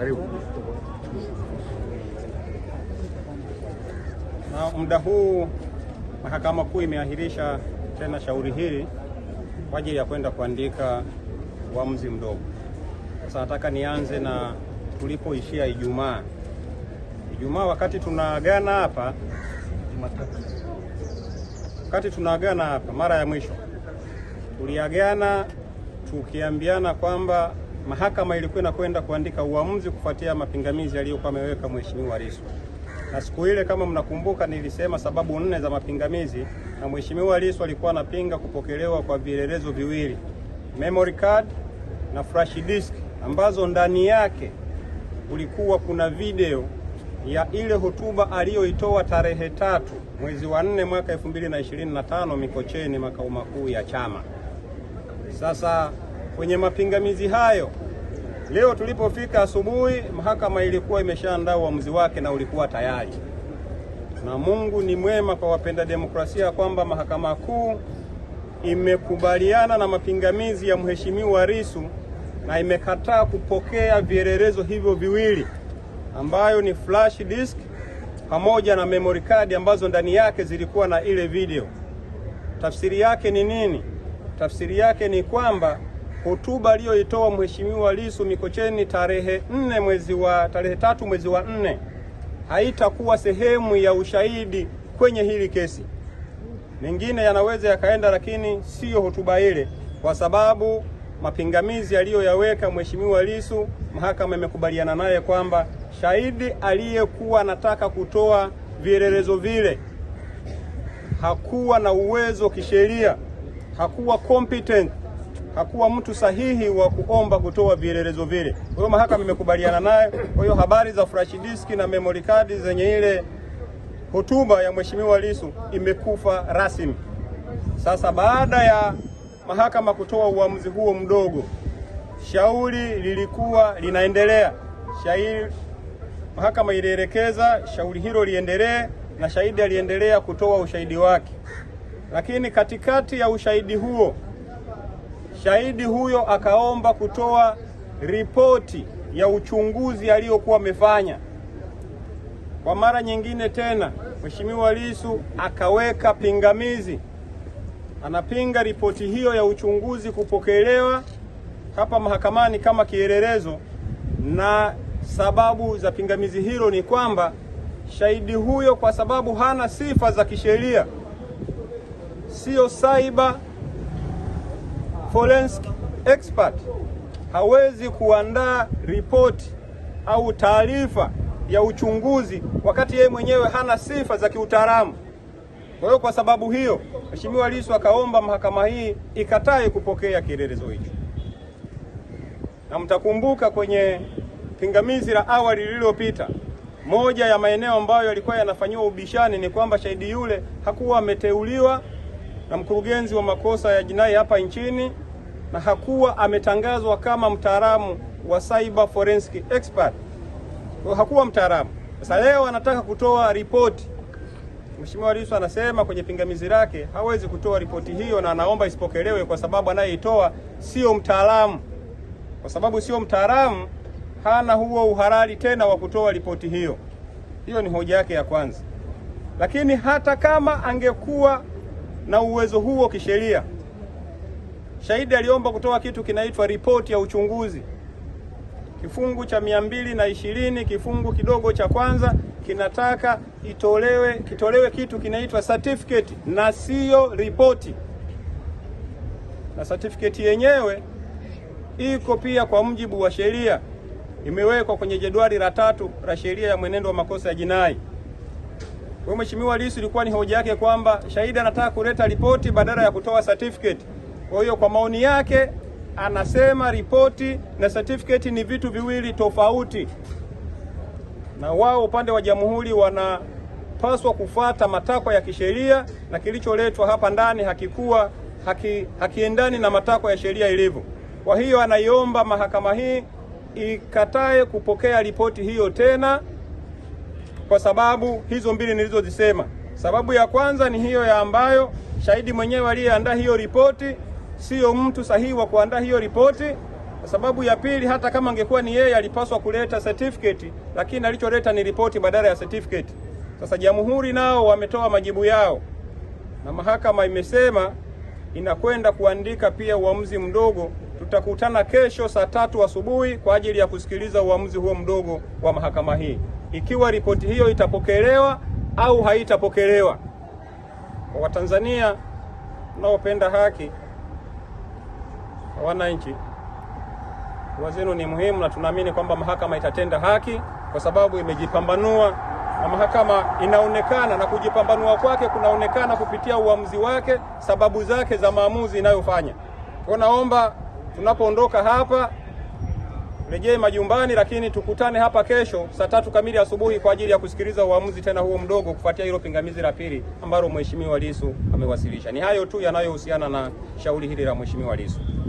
Karibu. Na muda huu Mahakama Kuu imeahirisha tena shauri hili kwa ajili ya kwenda kuandika uamuzi mdogo. Sasa nataka nianze na tulipoishia Ijumaa. Ijumaa wakati tunaagana hapa, wakati tunaagana hapa mara ya mwisho tuliagana tukiambiana kwamba mahakama ilikuwa inakwenda kuandika uamuzi kufuatia mapingamizi yaliyokuwa ameweka Mheshimiwa Lissu. Na siku ile kama mnakumbuka, nilisema sababu nne za mapingamizi, na Mheshimiwa Lissu alikuwa anapinga kupokelewa kwa vielelezo viwili, memory card na flash disk, ambazo ndani yake kulikuwa kuna video ya ile hotuba aliyoitoa tarehe tatu mwezi wa nne mwaka 2025 Mikocheni, makao makuu ya chama. Sasa kwenye mapingamizi hayo Leo tulipofika asubuhi, mahakama ilikuwa imeshaandaa uamuzi wake na ulikuwa tayari, na Mungu ni mwema kwa wapenda demokrasia kwamba mahakama kuu imekubaliana na mapingamizi ya mheshimiwa Lissu na imekataa kupokea vielelezo hivyo viwili ambayo ni flash disk pamoja na memory card ambazo ndani yake zilikuwa na ile video. Tafsiri yake ni nini? Tafsiri yake ni kwamba hotuba aliyoitoa Mheshimiwa Lissu Mikocheni tarehe nne mwezi wa tarehe tatu mwezi wa nne haitakuwa sehemu ya ushahidi kwenye hili kesi. Mengine yanaweza yakaenda, lakini siyo hotuba ile, kwa sababu mapingamizi aliyoyaweka Mheshimiwa Lissu, mahakama imekubaliana naye kwamba shahidi aliyekuwa anataka kutoa vielelezo vile hakuwa na uwezo kisheria, hakuwa competent hakuwa mtu sahihi wa kuomba kutoa vielelezo vile. Kwa hiyo mahakama imekubaliana naye. Kwa hiyo habari za flash disk na memory card zenye ile hotuba ya Mheshimiwa Lissu imekufa rasmi. Sasa baada ya mahakama kutoa uamuzi huo mdogo, shauri lilikuwa linaendelea Shahidi, mahakama ilielekeza shauri hilo liendelee na shahidi aliendelea kutoa ushahidi wake, lakini katikati ya ushahidi huo Shahidi huyo akaomba kutoa ripoti ya uchunguzi aliyokuwa amefanya. Kwa mara nyingine tena, Mheshimiwa Lissu akaweka pingamizi, anapinga ripoti hiyo ya uchunguzi kupokelewa hapa mahakamani kama kielelezo, na sababu za pingamizi hilo ni kwamba shahidi huyo kwa sababu hana sifa za kisheria, siyo saiba forensic expert hawezi kuandaa ripoti au taarifa ya uchunguzi wakati yeye mwenyewe hana sifa za kiutaalamu. Kwa hiyo kwa sababu hiyo, Mheshimiwa Lissu akaomba mahakama hii ikatae kupokea kielelezo hicho, na mtakumbuka kwenye pingamizi la awali lililopita, moja ya maeneo ambayo yalikuwa yanafanyiwa ubishani ni kwamba shahidi yule hakuwa ameteuliwa na mkurugenzi wa makosa ya jinai hapa nchini na hakuwa ametangazwa kama mtaalamu wa cyber forensic expert, hakuwa mtaalamu. Sasa leo anataka kutoa ripoti. Mheshimiwa Lissu anasema kwenye pingamizi lake hawezi kutoa ripoti hiyo, na anaomba isipokelewe kwa sababu anayeitoa sio mtaalamu. Kwa sababu sio mtaalamu, hana huo uhalali tena wa kutoa ripoti hiyo. Hiyo ni hoja yake ya kwanza. Lakini hata kama angekuwa na uwezo huo kisheria. Shahidi aliomba kutoa kitu kinaitwa ripoti ya uchunguzi. Kifungu cha mia mbili na ishirini kifungu kidogo cha kwanza kinataka itolewe, kitolewe kitu kinaitwa certificate na siyo ripoti, na certificate yenyewe iko pia kwa mujibu wa sheria, imewekwa kwenye jedwali la tatu la sheria ya mwenendo wa makosa ya jinai. Kwa Mheshimiwa Lissu ilikuwa ni hoja yake kwamba shahidi anataka kuleta ripoti badala ya kutoa certificate. Kwa hiyo kwa maoni yake anasema ripoti na certificate ni vitu viwili tofauti, na wao upande wa jamhuri wanapaswa kufata matakwa ya kisheria, na kilicholetwa hapa ndani hakikuwa haki, hakiendani na matakwa ya sheria ilivyo. Kwa hiyo anaiomba mahakama hii ikatae kupokea ripoti hiyo tena kwa sababu hizo mbili nilizozisema. Sababu ya kwanza ni hiyo ya ambayo shahidi mwenyewe aliyeandaa hiyo ripoti siyo mtu sahihi wa kuandaa hiyo ripoti. Sababu ya pili, hata kama angekuwa ni yeye alipaswa kuleta certificate, lakini alicholeta ni ripoti badala ya certificate. Sasa jamhuri nao wametoa majibu yao, na mahakama imesema inakwenda kuandika pia uamuzi mdogo. Tutakutana kesho saa tatu asubuhi kwa ajili ya kusikiliza uamuzi huo mdogo wa mahakama hii ikiwa ripoti hiyo itapokelewa au haitapokelewa. Kwa Watanzania tunaopenda haki wananchi, wazenu zenu ni muhimu, na tunaamini kwamba mahakama itatenda haki kwa sababu imejipambanua, na mahakama inaonekana na kujipambanua kwake kunaonekana kupitia uamuzi wake, sababu zake za maamuzi inayofanya. Kwa naomba tunapoondoka hapa rejee majumbani, lakini tukutane hapa kesho saa tatu kamili asubuhi kwa ajili ya kusikiliza uamuzi tena huo mdogo kufuatia hilo pingamizi la pili ambalo Mheshimiwa Lissu amewasilisha. Ni hayo tu yanayohusiana na shauri hili la Mheshimiwa Lissu.